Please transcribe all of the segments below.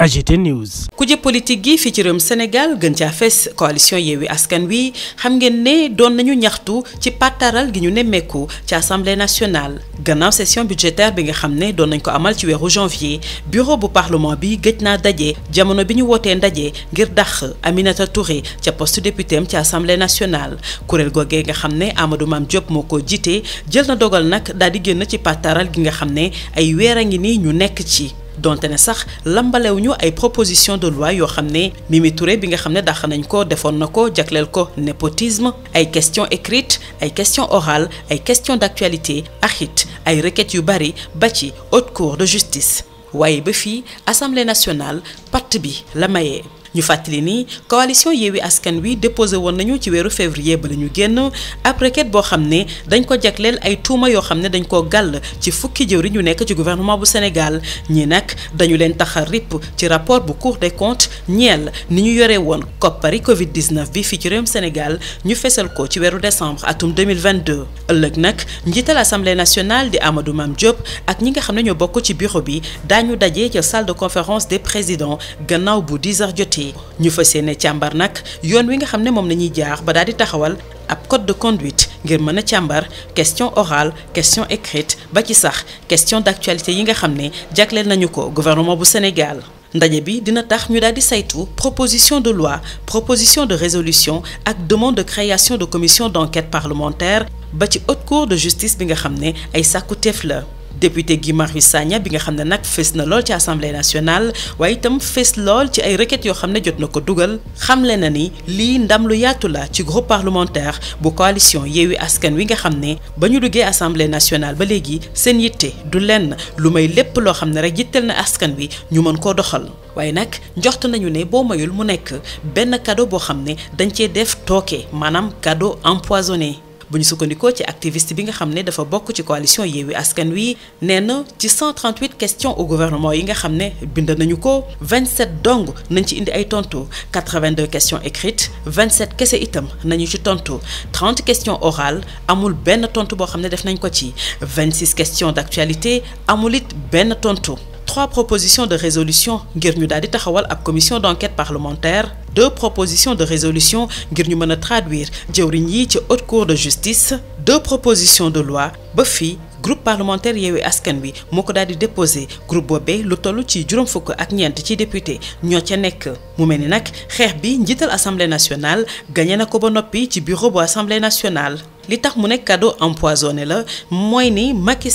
AGT News. kuje politique gi fii ci réewum Sénégal gën caa fes coalition Yewwi Askan Wi xam ngeen ne doon nañu ñaxtu ci pàttaral gi ñu nemmeeku ca assemblée nationale gannaaw session budgétaire bi nga xam ne doon nañ ko amal ci weeru janvier bureau bu parlement bi gëj naa daje jamono bi ñu wootee ndaje ngir dax aminat Aminata Touré ca poste député am ci assemblée nationale kuréel googee nga xam ne amadu Mame Diop moo ko jiite jël na dogal nag daal di génn ci pàttaral gi nga xam ne ay weer a ngi nii ñu nekk ci. donte ne sax lambalew ay proposition de loi yoo xam ne Mimi Touré bi nga xam ne dàq nañ ko defoon na ko jagleel ko népotisme ay questions écrites ay questions orales ay question d'actualité ak it ay requêtes yu bari ba ci haute cour de justice waaye ba fii assemblée nationale patt bi la mayee ñu fàttali ni coalition Yewwi Askan Wi déposé woon nañu ci weeru février ba la ñu génn ab requête boo xam ne dañ ko jagleel ay tuuma yoo xam ne dañ koo gàll ci fukki jëwriñ ñu nekk ci gouvernement bu Sénégal ñi nag dañu leen tax a ripp ci rapport bu Cour des comptes ñeel ni ñu yore woon koppari Covid 19 bi fii ci réewum Sénégal ñu fesal ko ci weeru décembre atum 2022 ëllëg nag njiital assemblée nationale di Amadou Mame Diop ak ñi nga xam ne ñoo bokk ci biiro bi daañu daje ca salle de conférence des présidents gannaaw bu 10 heures jotee yi ñu fas yéene càmbar nag yoon wi nga xam ne moom la ñuy jaar ba daal di taxawal ab code de conduite ngir mën a càmbar question orale question écrite ba ci sax question d'actualité yi nga xam ne jagleel nañu ko gouvernement bu Sénégal. ndaje bi dina tax ñu daal di saytu proposition de loi proposition de résolution ak demande de création de commission d'enquête parlementaire ba ci haute cour de justice bi nga xam ne ay sàkkuteef la. député Guy Marius Sagna bi nga xam ne nag fës na lool ci assemblée nationale waaye itam fës lool ci ay requêtes yoo xam ne jot na ko dugal xamle na ni lii ndam lu yaatu la ci groupe parlementaire bu coalition Yewwi Askan Wi nga xam ne ba ñu duggee assemblée nationale ba léegi seen yitte du lenn lu may lépp loo xam ne rek yitteel na askan wi ñu mën koo doxal waaye nag njort nañu ne boo mayul mu nekk benn kado boo xam ne dañ cee def tooke maanaam cadeau empoisonné. bu ñu sukkandikoo ci activiste bi nga xam ne dafa bokk ci coalition Yewwi Askan Wi nee na ci 138 questions u gouvernement yi nga xam ne bind nañu ko 27 dong nañ ci indi ay tontu 82 questions écrites 27 kese itam nañu ci tontu 30 questions orales amul benn tontu boo xam ne def nañ ko ci 26 questions d'actualité amul it benn tontu. trois propositions de résolution ngir ñu daal di taxawal ab commission d'enquête parlementaire deux propositions de résolution ngir ñu mën a traduire jëwriñ yi ci haute cour de justice deux propositions de loi ba fii groupe parlementaire Yewwi Askan Wi moo ko daal di déposé groupe boobee lu tollu ci juróom fukk ak ñeent ci député ñoo ca nekk mu mel ni nag xeex bi njiital assemblée nationale gañe na ko ba noppi ci bureau bu assemblée nationale. li tax mu nekk cadeau empoisonné la mooy ni Macky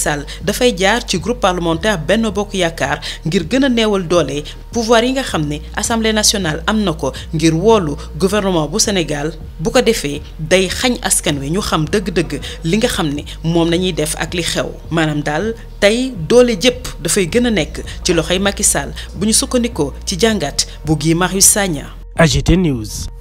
dafay jaar ci groupe parlementaire Benno Bokk Yaakaar ngir gën a neewal doole pouvoir yi nga xam ne assemblée national am na ko ngir woolu gouvernement bu Sénégal bu ko defee day xañ askan wi ñu xam dëgg-dëgg li nga xam ne moom la ñuy def ak li xew maanaam daal tey doole jëpp dafay gën a nekk ci loxoy Macky Sall bu ñu sukkandikoo ci jàngat bu Guy Marius Sagna AGT News